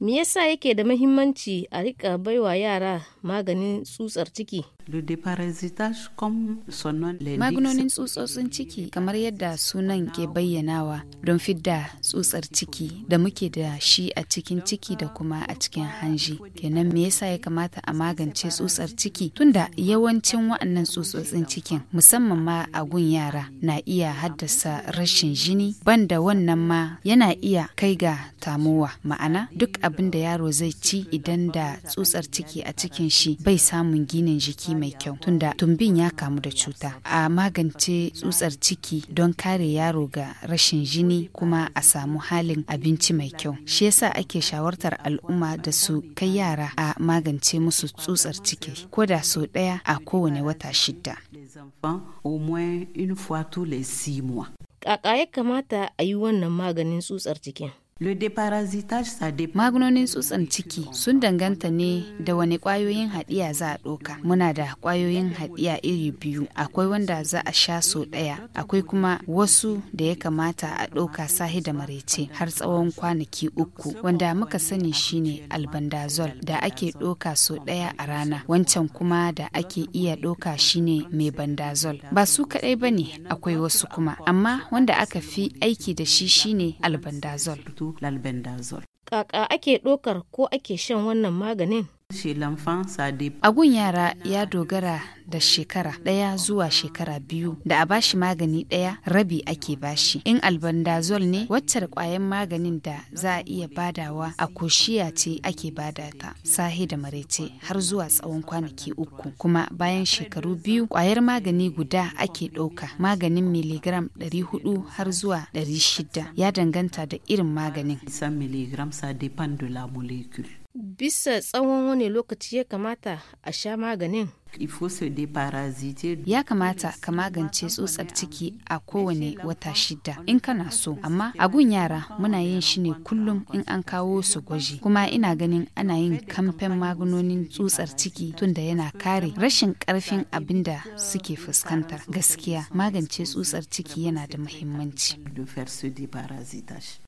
Me yasa yake da mahimmanci a rika baiwa yara maganin tsutsar ciki? Maganonin tsutsotsin ciki kamar yadda sunan ke bayyanawa don fidda tsutsar ciki da muke da shi a cikin ciki da kuma a cikin hanji. Kenan me yasa ya kamata a magance tsutsar ciki tunda yawancin wa'annan tsutsotsin cikin musamman ma a gun yara na iya haddasa rashin jini banda wannan ma yana iya kai ga tamowa ma'ana duk abin da yaro zai ci idan da tsutsar ciki a cikin shi bai samun ginin jiki mai kyau tunda tumbin ya kamu da cuta a magance tsutsar ciki don kare yaro ga rashin jini kuma a samu halin abinci mai kyau shi yasa ake shawartar al'umma da su kai yara a magance musu tsutsar ciki ko da sau ɗaya a kowane wata shida kaka ya kamata a yi wannan maganin tsutsar cikin Magunonin tsutsan ciki sun danganta ne da wani kwayoyin haɗiya za a ɗoka. Muna da kwayoyin haɗiya iri biyu, akwai wanda za a sha sau ɗaya, akwai kuma wasu da ya kamata a ɗoka sahi da marece har tsawon kwanaki uku, wanda muka sani shine albandazol da ake ɗoka sau ɗaya a rana, wancan kuma da ake iya ɗoka shine mai bandazol. Ba su kaɗai ba ne, akwai wasu kuma, amma wanda aka fi aiki da shi shine albandazol. su lalbendazole. Kaka ake ɗokar ko ake shan wannan maganin? Agun yara ya dogara da shekara ɗaya zuwa shekara biyu da a bashi magani ɗaya rabi ake bashi. In albandazol ne waccar kwayan maganin da za a iya badawa a koshiya ce ake bada ta sahi da maraice har zuwa tsawon kwanaki uku. Kuma bayan shekaru biyu kwayar magani guda ake ɗauka maganin miligram ɗari hudu har zuwa ɗari shida ya danganta da irin maganin. bisa tsawon wani lokaci ya kamata a sha maganin ya kamata ka magance tsutsar ciki a kowane wata shida in kana so amma agun yara muna yin shi ne kullum in an kawo su gwaji kuma ina ganin ana yin kamfen maganonin tsutsar ciki tunda yana kare rashin karfin abin da suke fuskanta gaskiya magance tsutsar ciki yana da muhimmanci